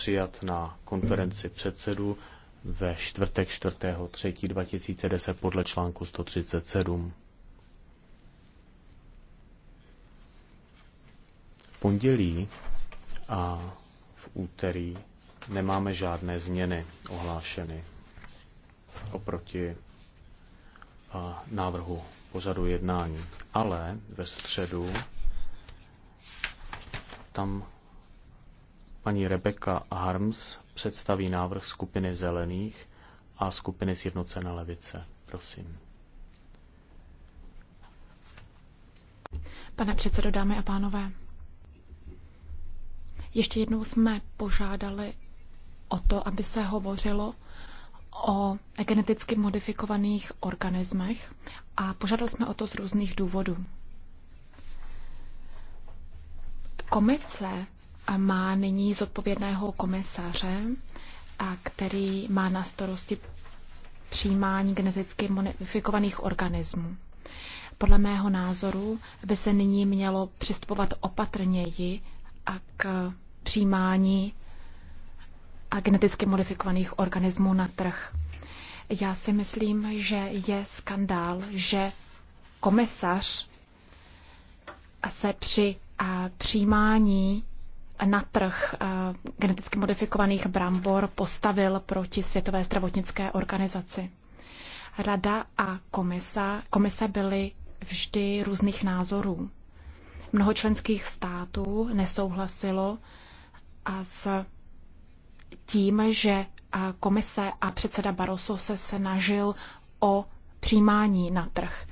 přijat na konferenci předsedů ve čtvrtek 4.3.2010 podle článku 137. V pondělí a v úterý nemáme žádné změny ohlášeny oproti návrhu pořadu jednání. Ale ve středu tam Paní Rebecca Harms představí návrh skupiny zelených a skupiny Sjednocené levice. Prosím. Pane předsedo, dámy a pánové, ještě jednou jsme požádali o to, aby se hovořilo o geneticky modifikovaných organismech a požádali jsme o to z různých důvodů. Komice má nyní zodpovědného komisaře, a který má na starosti přijímání geneticky modifikovaných organismů. Podle mého názoru by se nyní mělo přistupovat opatrněji a k přijímání a geneticky modifikovaných organismů na trh. Já si myslím, že je skandál, že komisař se při a přijímání na trh eh, geneticky modifikovaných brambor postavil proti Světové zdravotnické organizaci. Rada a komisa, komise byly vždy různých názorů. Mnoho členských států nesouhlasilo a s tím, že eh, komise a předseda Barroso se snažil o přijímání na trh.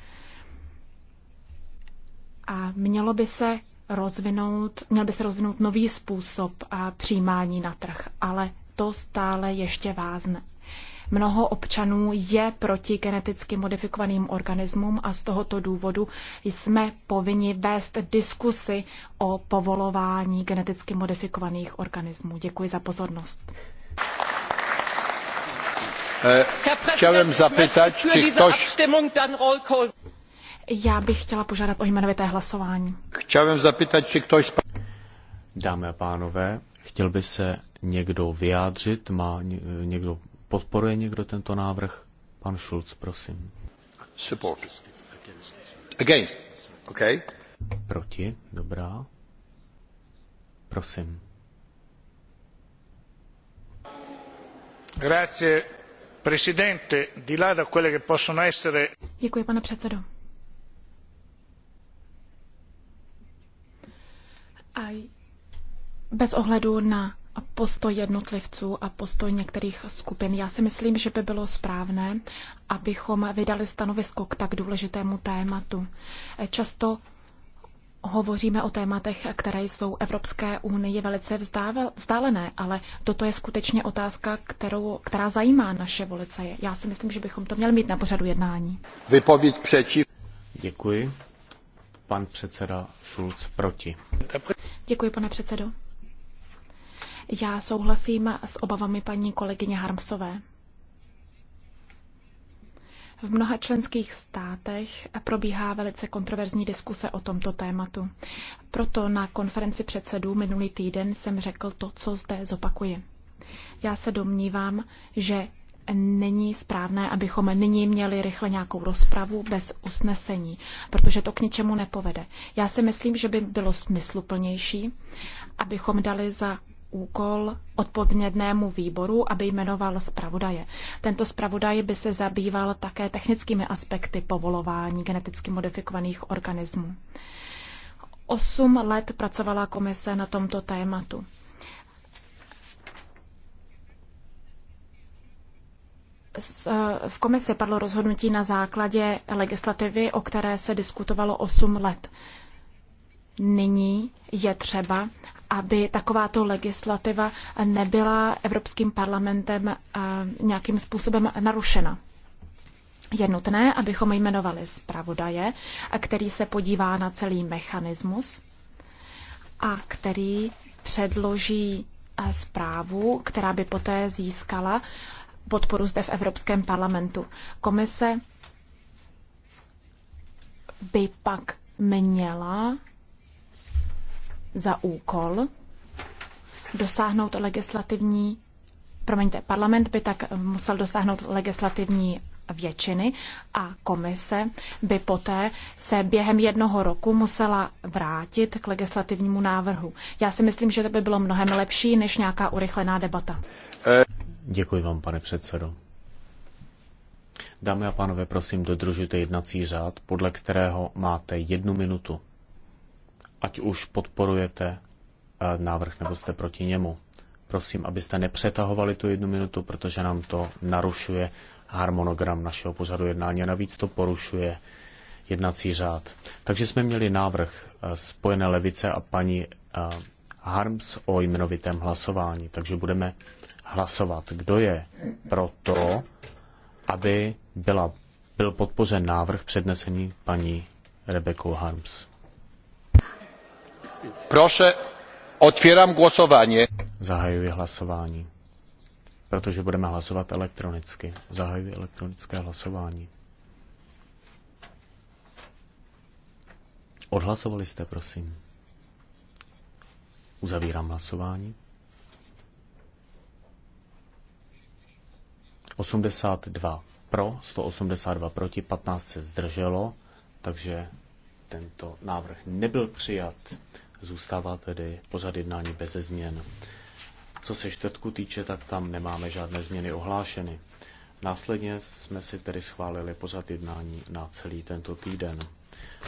A mělo by se rozvinout, měl by se rozvinout nový způsob a přijímání na trh, ale to stále ještě vázne. Mnoho občanů je proti geneticky modifikovaným organismům a z tohoto důvodu jsme povinni vést diskusy o povolování geneticky modifikovaných organismů. Děkuji za pozornost. Eh, chtěl zapytať, či ktož... Já bych chtěla požádat o jmenovité hlasování. Chtěl zapýtat, či ktoś... Z... Dámy a pánové, chtěl by se někdo vyjádřit? Má někdo, podporuje někdo tento návrh? Pan Schulz, prosím. Support. Against. Okay. Proti, dobrá. Prosím. Grazie, presidente. Di là da quelle che possono essere... Děkuji, pane předsedo. bez ohledu na postoj jednotlivců a postoj některých skupin. Já si myslím, že by bylo správné, abychom vydali stanovisko k tak důležitému tématu. Často hovoříme o tématech, které jsou Evropské unii velice vzdálené, ale toto je skutečně otázka, kterou, která zajímá naše volice. Já si myslím, že bychom to měli mít na pořadu jednání. Vypověď přečí. Děkuji. Pan předseda Schulz proti. Děkuji, pane předsedo. Já souhlasím s obavami paní kolegyně Harmsové. V mnoha členských státech probíhá velice kontroverzní diskuse o tomto tématu. Proto na konferenci předsedů minulý týden jsem řekl to, co zde zopakuji. Já se domnívám, že není správné, abychom nyní měli rychle nějakou rozpravu bez usnesení, protože to k ničemu nepovede. Já si myslím, že by bylo smysluplnější, abychom dali za úkol odpovědnému výboru, aby jmenoval zpravodaje. Tento zpravodaj by se zabýval také technickými aspekty povolování geneticky modifikovaných organismů. Osm let pracovala komise na tomto tématu. Eh, v komisi padlo rozhodnutí na základě legislativy, o které se diskutovalo 8 let. Nyní je třeba, aby takováto legislativa nebyla Evropským parlamentem eh, nějakým způsobem narušena. Je nutné, abychom jmenovali zpravodaje, který se podívá na celý mechanismus a který předloží eh, zprávu, která by poté získala podporu zde v Evropském parlamentu. Komise by pak měla za úkol dosáhnout legislativní, promiňte, parlament by tak musel dosáhnout legislativní většiny a komise by poté se během jednoho roku musela vrátit k legislativnímu návrhu. Já si myslím, že to by bylo mnohem lepší než nějaká urychlená debata. Děkuji vám, pane předsedo. Dámy a pánové, prosím, dodržujte jednací řád, podle kterého máte jednu minutu ať už podporujete eh, návrh nebo jste proti němu. Prosím, abyste nepřetahovali tu jednu minutu, protože nám to narušuje harmonogram našeho pořadu jednání a navíc to porušuje jednací řád. Takže jsme měli návrh eh, Spojené levice a paní eh, Harms o jmenovitém hlasování. Takže budeme hlasovat, kdo je pro to, aby byla, byl podpořen návrh přednesený paní Rebekou Harms. Proszę, otwieram głosowanie. Zahajuji hlasování, protože budeme hlasovat elektronicky. Zahajuji elektronické hlasování. Odhlasovali jste, prosím. Uzavírám hlasování. 82 pro, 182 proti, 15 se zdrželo, takže tento návrh nebyl přijat. Zůstává tedy pořad jednání bez změn. Co se čtvrtku týče, tak tam nemáme žádné změny ohlášeny. Následně jsme si tedy schválili pořad jednání na celý tento týden.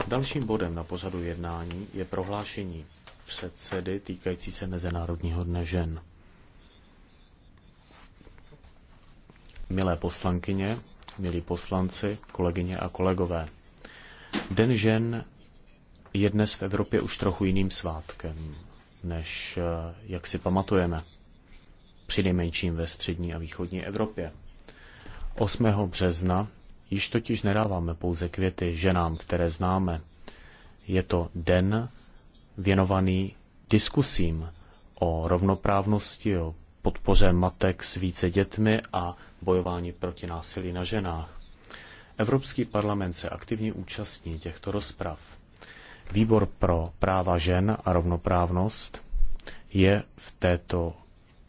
Dalším bodem na pořadu jednání je prohlášení předsedy týkající se Mezinárodního dne žen. Milé poslankyně, milí poslanci, kolegyně a kolegové, Den žen je dnes v Evropě už trochu jiným svátkem, než eh, jak si pamatujeme, přinejmenším ve střední a východní Evropě. 8. března již totiž nedáváme pouze květy ženám, které známe. Je to den věnovaný diskusím o rovnoprávnosti, o podpoře matek s více dětmi a bojování proti násilí na ženách. Evropský parlament se aktivně účastní těchto rozprav. Výbor pro práva žen a rovnoprávnost je v, této,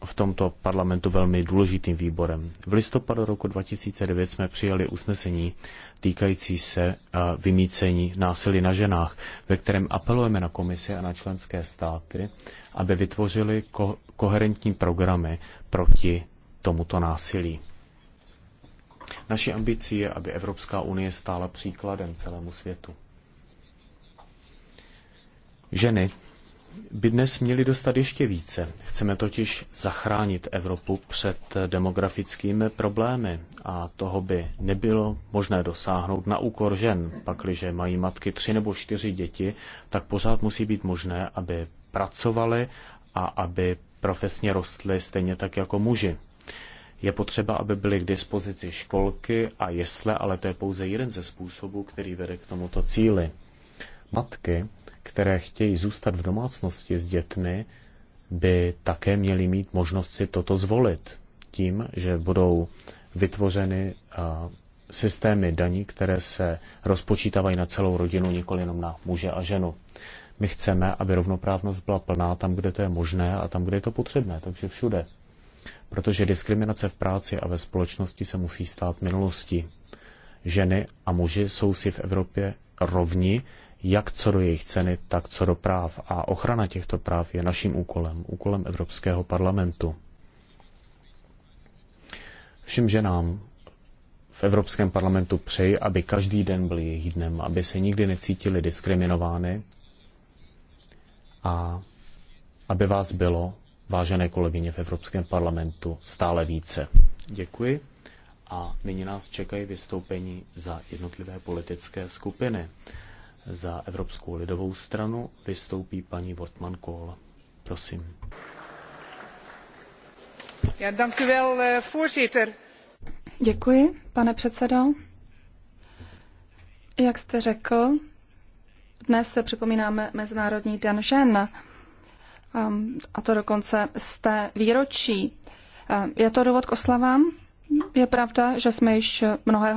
v tomto parlamentu velmi důležitým výborem. V listopadu roku 2009 jsme přijali usnesení týkající se eh, vymícení násilí na ženách, ve kterém apelujeme na komisi a na členské státy, aby vytvořili ko- koherentní programy proti tomuto násilí. Naší ambicí je, aby Evropská unie stála příkladem celému světu. Ženy by dnes měly dostat ještě více. Chceme totiž zachránit Evropu před demografickými problémy a toho by nebylo možné dosáhnout na úkor žen. Pakliže mají matky tři nebo čtyři děti, tak pořád musí být možné, aby pracovali a aby profesně rostly stejně tak jako muži. Je potřeba, aby byly k dispozici školky a jesle, ale to je pouze jeden ze způsobů, který vede k tomuto cíli. Matky které chtějí zůstat v domácnosti s dětmi, by také měly mít možnost si toto zvolit tím, že budou vytvořeny eh, systémy daní, které se rozpočítávají na celou rodinu, nikoli jenom na muže a ženu. My chceme, aby rovnoprávnost byla plná tam, kde to je možné a tam, kde je to potřebné, takže všude. Protože diskriminace v práci a ve společnosti se musí stát minulostí. Ženy a muži jsou si v Evropě rovni jak co do jejich ceny, tak co do práv. A ochrana těchto práv je naším úkolem, úkolem Evropského parlamentu. Všem ženám v Evropském parlamentu přeji, aby každý den byl jejich dnem, aby se nikdy necítili diskriminovány a aby vás bylo, vážené kolegyně v Evropském parlamentu, stále více. Děkuji. A nyní nás čekají vystoupení za jednotlivé politické skupiny. Za Evropskou lidovou stranu vystoupí paní Wortmann Kohl. Prosím. Ja, dank u wel, eh, voorzitter. Děkuji, pane předsedo. Jak jste řekl, dnes se připomínáme Mezinárodní den žen, ehm, a to dokonce z té výročí. Ehm, je to důvod k oslavám? Je pravda, že jsme již mnohého